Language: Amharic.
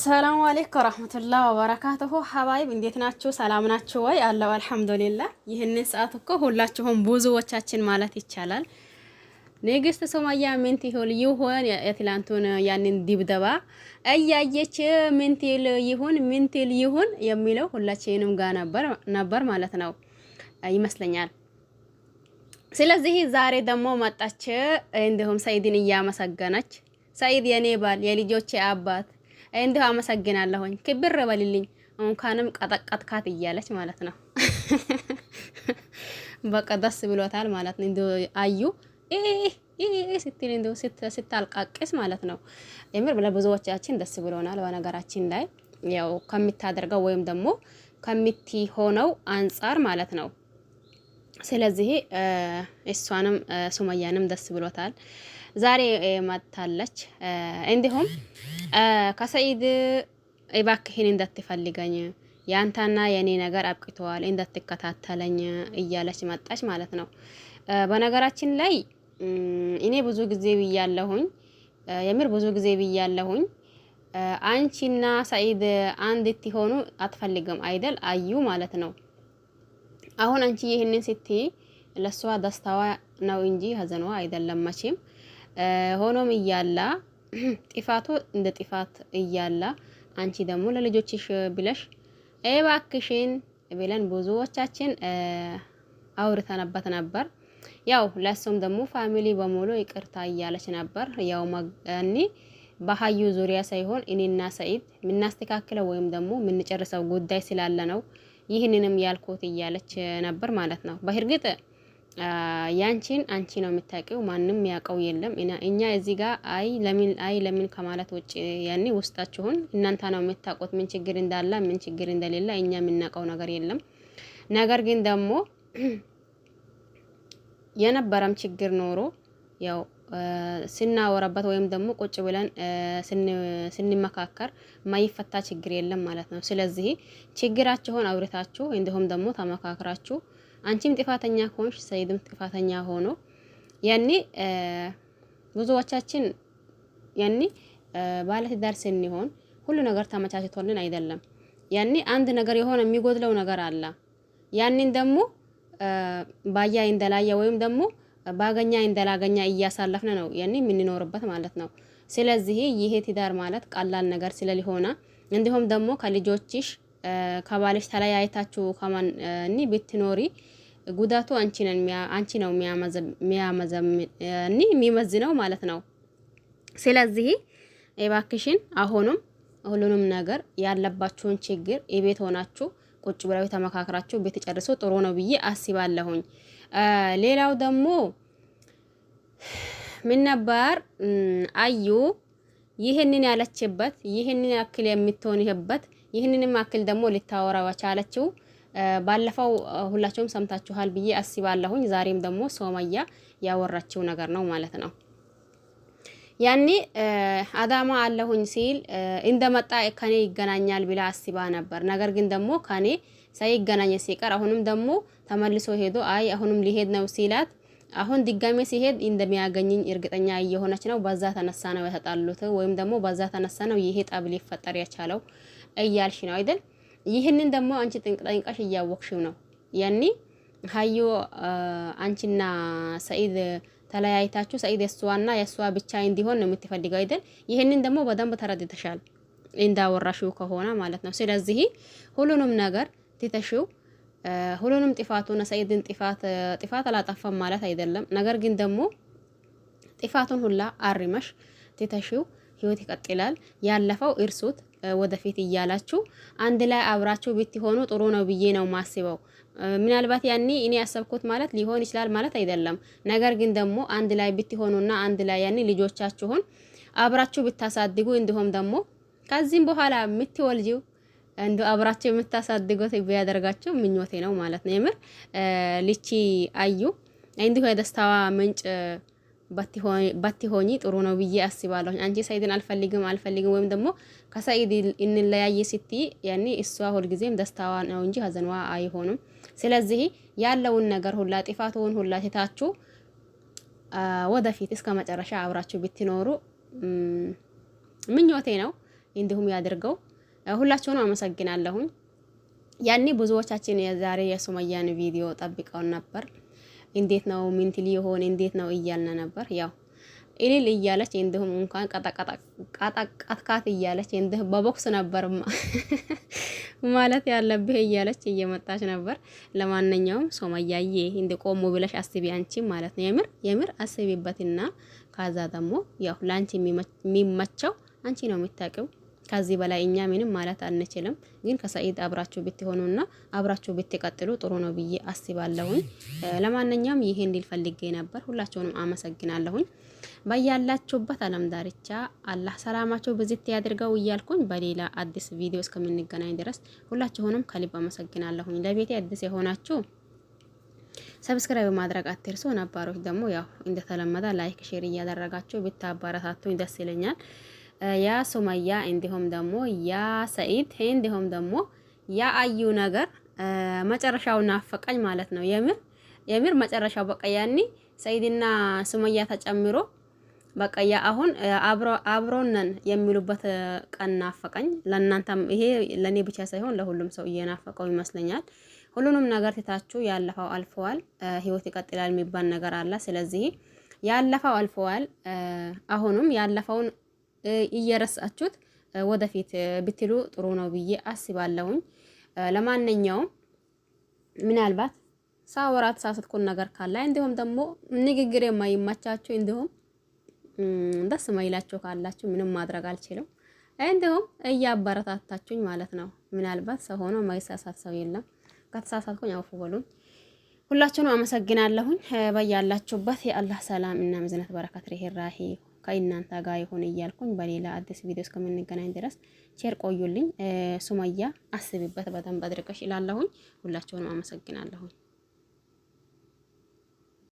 ሰላሙ አሌይኩም ረህመቱላ ወበረካቱሁ ሀባይብ እንዴት ናችሁ? ሰላም ናችሁ ወይ? አለው አልሐምዱሊላ። ይህንን ሰዓት እኮ ሁላችሁም ብዙዎቻችን ማለት ይቻላል ንግስት ሱመያ ምን ይሁን ይሆን? የትላንቱን ያንን ድብደባ እያየች ምንትል ይሁን ምን ትል ይሁን የሚለው ሁላችንም ጋር ነበር ማለት ነው ይመስለኛል። ስለዚህ ዛሬ ደግሞ መጣች፣ እንዲሁም ሰይድን እያመሰገነች ሰይድ የኔ ባል የልጆቼ አባት እንዲሁ አመሰግናለሁኝ። ክብር በልልኝ እንኳንም ቀጠቀጥካት እያለች ማለት ነው። በቃ ደስ ብሎታል ማለት ነው። እንዲሁ አዩ ስትል እንዲሁ ስታልቃቅስ ማለት ነው። የምር ለብዙዎቻችን ደስ ብሎናል። በነገራችን ላይ ያው ከምታደርገው ወይም ደግሞ ከምትሆነው አንጻር ማለት ነው። ስለዚህ እሷንም ሱመያንም ደስ ብሎታል። ዛሬ መጥታለች። እንዲሁም ከሰኢድ እባክህን እንዳትፈልገኝ ያንተና የኔ ነገር አብቅተዋል እንዳትከታተለኝ እያለች መጣች ማለት ነው። በነገራችን ላይ እኔ ብዙ ጊዜ ብያለሁኝ፣ የምር ብዙ ጊዜ ብያለሁኝ። አንቺና ሰኢድ አንድ ትሆኑ አትፈልግም አይደል? አዩ ማለት ነው። አሁን አንቺ ይህንን ስትይ ለእሷ ደስታዋ ነው እንጂ ሀዘኗ አይደለም መቼም ሆኖም እያላ ጥፋቱ እንደ ጥፋት እያላ አንቺ ደግሞ ለልጆችሽ ብለሽ እባክሽን ብለን ብዙዎቻችን አውርተንበት ነበር። ያው ለሱም ደግሞ ፋሚሊ በሙሉ ይቅርታ እያለች ነበር። ያው እኔ በሀዩ ዙሪያ ሳይሆን እኔና ሰኢድ የምናስተካክለው ወይም ደግሞ የምንጨርሰው ጉዳይ ስላለ ነው ይህንንም ያልኩት እያለች ነበር ማለት ነው በእርግጥ ያንቺን አንቺ ነው የምታውቂው፣ ማንም ያውቀው የለም። እኛ እዚህ ጋር አይ ለምን አይ ለምን ከማለት ውጭ ያኔ ውስጣችሁን እናንተ ነው የምታውቁት፣ ምን ችግር እንዳለ ምን ችግር እንደሌለ እኛ የምናውቀው ነገር የለም። ነገር ግን ደግሞ የነበረም ችግር ኖሮ ያው ስናወራበት ወይም ደግሞ ቁጭ ብለን ስንመካከር ማይፈታ ችግር የለም ማለት ነው። ስለዚህ ችግራችሁን አውርታችሁ እንዲሁም ደግሞ ተመካክራችሁ አንቺም ጥፋተኛ ከሆንሽ ሰይድም ጥፋተኛ ሆኖ ያኔ ብዙዎቻችን ያኔ ባለትዳር ስንሆን ሁሉ ነገር ተመቻችቶልን አይደለም። ያኔ አንድ ነገር የሆነ የሚጎድለው ነገር አለ። ያንን ደግሞ ባያ እንደላያ ወይም ደግሞ ባገኛ እንደላገኛ እያሳለፍን ነው ያኔ የምንኖርበት ማለት ነው። ስለዚህ ይሄ ትዳር ማለት ቀላል ነገር ስለሊሆነ እንዲሁም ደግሞ ከልጆችሽ ከባልሽ ተለያይታችሁ ከማን እኒ ብትኖሪ ጉዳቱ አንቺ ነን አንቺ ነው የሚያመዘም እኒ የሚመዝ ነው ማለት ነው። ስለዚህ እባክሽን አሁንም ሁሉንም ነገር ያለባችሁን ችግር የቤት ሆናችሁ ቁጭ ብለው ተመካክራችሁ ቤት ጨርሶ ጥሩ ነው ብዬ አስባለሁኝ። ሌላው ደግሞ ምን ነበር አዩ ይህንን ያለችበት ይህንን ያክል የምትሆንበት ይህንንም አክል ደግሞ ልታወራ ቻለችው። ባለፈው ሁላችሁም ሰምታችኋል ብዬ አስባለሁኝ። ዛሬም ደግሞ ሶማያ ያወራችው ነገር ነው ማለት ነው። ያኔ አዳማ አለሁኝ ሲል እንደመጣ ከኔ ይገናኛል ብላ አስባ ነበር። ነገር ግን ደግሞ ከኔ ሳይገናኝ ሲቀር አሁንም ደግሞ ተመልሶ ሄዶ አይ አሁንም ሊሄድ ነው ሲላት አሁን ድጋሜ ሲሄድ እንደሚያገኝኝ እርግጠኛ እየሆነች ነው። በዛ ተነሳ ነው የተጣሉት፣ ወይም ደግሞ በዛ ተነሳ ነው ይሄ ጠብ ሊፈጠር የቻለው እያልሽ ነው አይደል? ይህንን ደግሞ አንቺ ጠንቅቀሽ እያወቅሽው ነው። ያኔ ሀዩ አንቺና ሰኢድ ተለያይታችሁ ሰኢድ የእሷና የእሷ ብቻ እንዲሆን ነው የምትፈልገው አይደል? ይህንን ደግሞ በደንብ ተረድተሻል እንዳወራሽው ከሆነ ማለት ነው። ስለዚህ ሁሉንም ነገር ትተሽው ሁሉንም ጥፋቱን ሰኢድን ጥፋት ጥፋት አላጠፋም ማለት አይደለም። ነገር ግን ደግሞ ጥፋቱን ሁላ አርመሽ ትተሽው ህይወት ይቀጥላል። ያለፈው እርሱት። ወደፊት እያላችሁ አንድ ላይ አብራችሁ ብትሆኑ ጥሩ ነው ብዬ ነው ማስበው። ምናልባት ያኔ እኔ ያሰብኩት ማለት ሊሆን ይችላል ማለት አይደለም። ነገር ግን ደግሞ አንድ ላይ ብትሆኑና አንድ ላይ ያኔ ልጆቻችሁን አብራችሁ ብታሳድጉ እንዲሁም ደግሞ ከዚህም በኋላ የምትወልጂው እንዶ አብራችሁ የምታሳድጉት ቢያደርጋችሁ ምኞቴ ነው ማለት ነው። የምር ልቺ አዩ እንዲሁ የደስታዋ ምንጭ ባትሆኚ ጥሩ ነው ብዬ አስባለሁ። አንቺ ሰኢድን አልፈልግም አልፈልግም ወይም ደግሞ ከሰኢድ እንለያየ ስትይ ያኔ እሷ ሁልጊዜም ደስታዋ ነው እንጂ ሀዘኗ አይሆንም። ስለዚህ ያለውን ነገር ሁላ ጥፋቱን ሁላ ትታችሁ ወደፊት እስከ መጨረሻ አብራችሁ ብትኖሩ ምኞቴ ነው። እንዲሁም ያድርገው። ሁላችሁንም አመሰግናለሁኝ። ያኔ ብዙዎቻችን የዛሬ የሱመያን ቪዲዮ ጠብቀውን ነበር። እንዴት ነው ሚንትሊ የሆነ እንዴት ነው እያልን ነበር። ያው እልል እያለች እንዲሁም እንኳን ቀጠቀጥካት እያለች እንዲህ በቦክስ ነበር ማለት ያለብህ እያለች እየመጣች ነበር። ለማንኛውም ሶመያዬ እንደ ቆሙ ብለሽ አስቢ አንቺ ማለት ነው። የምር የምር አስቢበትና ከዛ ደግሞ ያው ለአንቺ የሚመቸው አንቺ ነው የምታውቂው። ከዚህ በላይ እኛ ምንም ማለት አንችልም። ግን ከሰኢድ አብራችሁ ብትሆኑና አብራችሁ ብትቀጥሉ ጥሩ ነው ብዬ አስባለሁኝ። ለማንኛውም ይሄ ሊል ፈልጌ ነበር። ሁላችሁንም አመሰግናለሁኝ። በያላችሁበት አለም ዳርቻ አላህ ሰላማችሁ ብዝት ያድርገው እያልኩኝ በሌላ አዲስ ቪዲዮ እስከምንገናኝ ድረስ ሁላችሁንም ከልብ አመሰግናለሁኝ። ለቤቴ አዲስ የሆናችሁ ሰብስክራይብ ማድረግ አትርሱ። ነባሮች ደግሞ ያው እንደተለመደ ላይክ፣ ሼር እያደረጋችሁ ብታበረታቱኝ ደስ ይለኛል። ያ ሱመያ እንዲሁም ደግሞ ያ ሰኢድ እንዲሁም ደግሞ ያ አዩ ነገር መጨረሻው ናፈቀኝ ማለት ነው። የምር የምር መጨረሻው በቃ ያኔ ሰኢድና ሱመያ ተጨምሮ በቃ ያ አሁን አብሮነን የሚሉበት ቀን ናፈቀኝ። ለእናንተም ይሄ ለእኔ ብቻ ሳይሆን ለሁሉም ሰው እየናፈቀው ይመስለኛል። ሁሉንም ነገር ትታችሁ ያለፈው አልፈዋል፣ ህይወት ይቀጥላል የሚባል ነገር አለ። ስለዚህ ያለፈው አልፈዋል። አሁንም ያለፈውን እየረሳችሁት ወደፊት ብትሉ ጥሩ ነው ብዬ አስባለሁኝ። ለማንኛውም ምናልባት ሳወራት ሳስትኩን ነገር ካለ እንዲሁም ደግሞ ንግግር የማይመቻችሁ እንዲሁም ደስ የማይላችሁ ካላችሁ ምንም ማድረግ አልችልም። እንዲሁም እያበረታታችሁኝ ማለት ነው። ምናልባት ሰው ሆኖ ማይሳሳት ሰው የለም። ከተሳሳትኩኝ አውፉ በሉኝ። ሁላችሁንም አመሰግናለሁኝ። በያላችሁበት የአላህ ሰላም እና ምዝነት በረከት ርህራሄ ከእናንተ ጋር ይሁን እያልኩኝ በሌላ አዲስ ቪዲዮ እስከምንገናኝ ድረስ ቸር ቆዩልኝ። ሱመያ አስቢበት በደንብ አድርቀሽ እላለሁኝ። ሁላችሁንም አመሰግናለሁኝ።